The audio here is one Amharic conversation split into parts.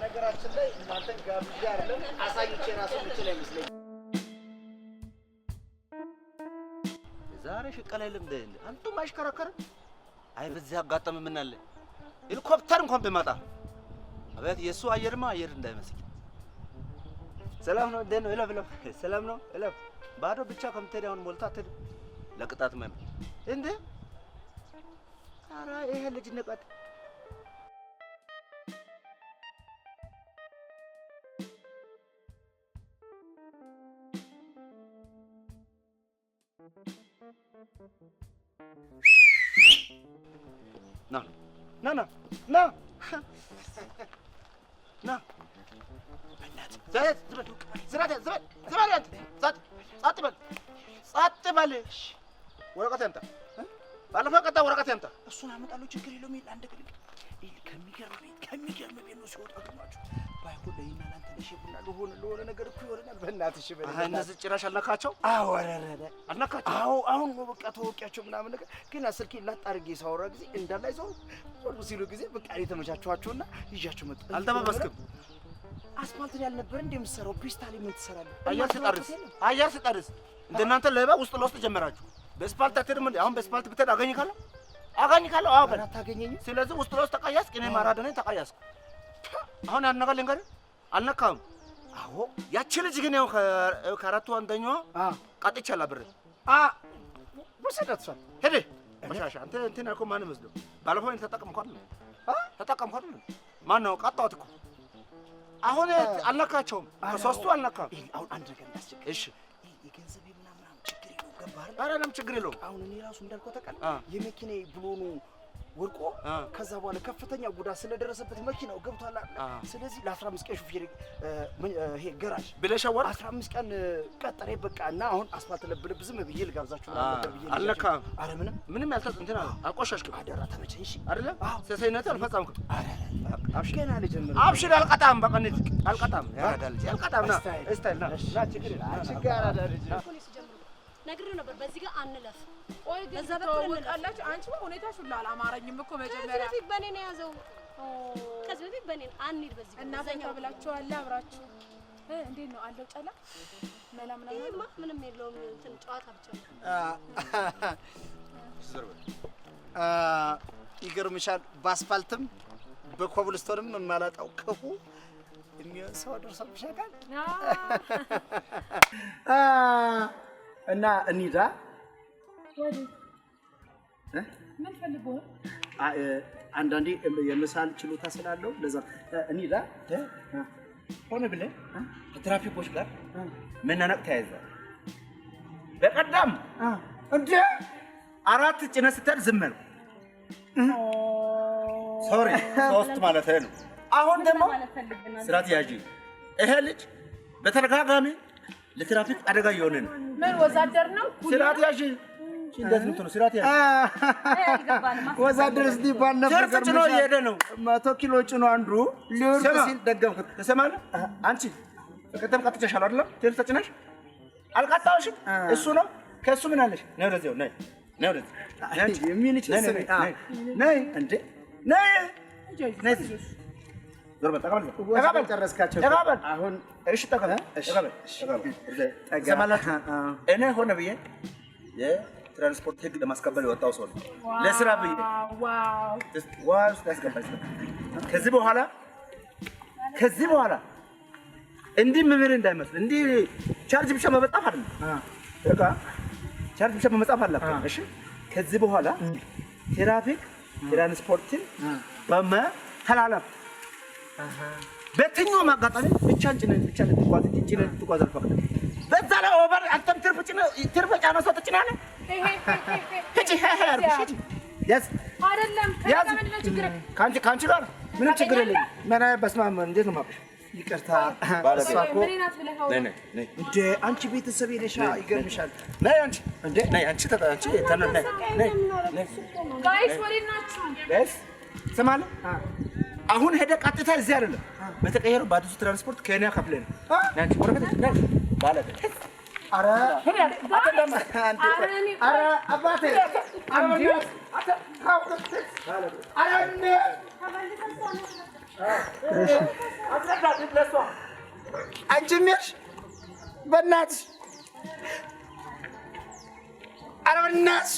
በነገራችን ላይ እናንተን አይደለም አሳይቼ ራሱ የምችል አይመስለኝም። ዛሬ ሽቀላ የለም አንቱም አይሽከረከርም። አይ በዚህ አጋጠም ምናለ ሄሊኮፕተር እንኳን ቢመጣ አቤት የእሱ አየርማ አየር እንዳይመስል። ሰላም ነው እንዴት ነው? እለፍ እለፍ። ሰላም ነው እለፍ። ባዶ ብቻ ከምትሄድ አሁን ሞልታ ትሄድ ለቅጣት መም እንዴ! ኧረ ይሄ ልጅ ንቀት না না না না ና ጸጥ በል ወረቀት ያምጣ ባለፈው ቀጣ ወረቀት ያምጣ እሱን አመጣለሁ ችግር የለውም ይል ከሚገርም ቤት ነው ሲወጣ ግማችሁ ለሆነ ለሆነ ነገር እኮ ይሆነናል። በእናትሽ እነዚህ ጭራሽ አልነካቸው። አዎ አልነካቸው። አዎ አሁን ነው በቃ ተወቂያቸው ምናምን ነገር ግን ስልኬ አድርጌ ሳወራ ጊዜ እንዳለ አይዘው ዞር ሲሉ ጊዜ በቃ የተመቻቸኋቸውና ይዣቸው መጡ። እንደ የምትሰራው ምን ትሰራለህ? አየር ስጠርስ አየር ስጠርስ እንደናንተ ለባ ውስጥ ለውስጥ ጀመራችሁ። በስፓልት አትሄድም እንዴ? አሁን በስፓልት ብትሄድ አገኝካለሁ አገኝካለሁ። አዎ አታገኘኝም። ስለዚህ ውስጥ ለውስጥ ተቀያስ ቅኔ ማራደነኝ ተቀያስኩ። አሁን አንድ ነገር አልነካም። አዎ ያቺ ልጅ ግን ያው ከአራቱ አንደኛዋ ቀጥቼ አላብር ውሰዳትሷል ሄደ ቆሻሻ አንተ እንትን እኮ ማን መስሎ ባለፈው ተጠቀምኩ አይደል? ተጠቀምኩ አይደል? ማን ነው ቀጣሁት እኮ አሁን አልነካቸውም። ከሶስቱ አልነካም። አሁን አንድ ነገር እንዳስቸግር እሺ። የገንዘብ ምናምን ችግር የለውም። ገባህ አይደል? ኧረ ምንም ችግር የለውም። አሁን እኔ ራሱ እንዳልከው ተቃል የመኪናዬ ብሎኑ ወድቆ ከዛ በኋላ ከፍተኛ ጉዳት ስለደረሰበት መኪናው ገብቷል አይደል? ስለዚህ ለ15 ቀን ሹፌር ይሄ ገራሽ ብለሽ አወራ 15 ቀን ቀጠረ በቃ እና አሁን አስፋልት ለብ ለብ ዝም ብዬ ልጋብዛችሁ አለካ። አረ ምንም ምንም ያልታጥ እንትና አቆሻሽ አቆሻሽክ። አደራ ተመቸኝ። እሺ አይደለ? ሰሰይነት አልፈጻምክም። አብሽር ገና ልጀምር። አብሽር አልቀጣም። በቃ እንሂድ። አልቀጣም አልቀጣም። ና እስታይል ና ና ችግር አልችግር አለ ልጅ ነግሬው ነበር። በዚህ ጋር አንለፍ። ቆይ ግን ተወቃላችሁ። አንቺ ሁኔታሽ ሁሉ አላማረኝም እኮ መጀመሪያ ከዚህ በፊት በእኔ ነው የያዘው። ከዚህ በፊት በእኔ አንሂድ። በዚህ እና ፈታ ብላችኋል አብራችሁ። እንዴት ነው አለው ጨላ መላ ምናምን? ይሄማ ምንም የለውም እንትን ጨዋታ ብቻ ይገርምሻል። በአስፋልትም በኮብልስቶንም የማላጣው ክፉ ሰው ደርሶብሻል። እና እንሂዳ አንዳንዴ የመሳል ችሎታ ስላለው ለዛ እንሂዳ ሆነ ብለህ ከትራፊኮች ጋር መናነቅ ተያይዟል። በቀዳም እንደ አራት ጭነት ስትሄድ ዝም ነው። ሶሪ ሶስት ማለት ነው። አሁን ደግሞ ስራት ትያዥ ይሄ ልጅ በተደጋጋሚ ለትራፊክ አደጋ እየሆነ ነው። ምን ወዛደር ነው? ስርዓት ያዥ ነው? ወዛደር እስቲ ባል ጭኖ እየሄደ ነው። መቶ ኪሎ ጭኖ አንዱ ሊወርድ ሲል ደገምኩት። ትሰማለህ? አንቺ በቀደም ቀጥቼሻለሁ አይደለ? ትርፍ ተጭነሽ አልቀጣሁሽም። እሱ ነው ከእሱ ምን አለሽ? ነይ ወደዚህ ነይ፣ ነይ ወደዚህ ነይ፣ እንደ ነይ ነይ ዞር በል ተቀበል፣ ተቀበል ጨረስካቸው። ተቀበል አሁን እሺ፣ ተቀበል እኔ ሆነ ብዬ የትራንስፖርት ህግ ለማስከበር የወጣው ሰው ለስራ ብዬ ከዚህ በኋላ ከዚህ በኋላ እንዲህ ምምር እንዳይመስል እንዲህ ቻርጅ ብቻ መበጣፍ አለ ቻርጅ ብቻ መመጻፍ አለ። እሺ ከዚህ በኋላ ትራፊክ ትራንስፖርትን በመተላለፍ በየትኛውም አጋጣሚ ብቻን ጭነህ ብቻ ልትጓዝ እንጂ ጭነህ ልትጓዝ አልፈቅድም። በዛ ላይ ኦቨር አንተም ትርፍ ትርፍ ጫና ሰው ትጭናለህ። ከአንቺ ጋር ምንም ችግር የለኝም። መና በስመ እንዴት ነው የማውቅሽ? ይቅርታ እንደ አንቺ ቤተሰብ የለሽ ይገርምሻል። አንቺ አሁን ሄደ ቀጥታ እዚህ አይደለም በተቀየረው በአዲሱ ትራንስፖርት ከኒያ ከፍለን ናንቺ ወረቀት እንዳል ባለ አንቺም የሽ በእናትሽ አረ በእናትሽ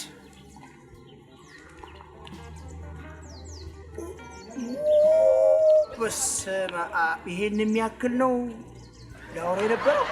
በስመ አብ! ይሄን የሚያክል ነው ላወራ የነበረው።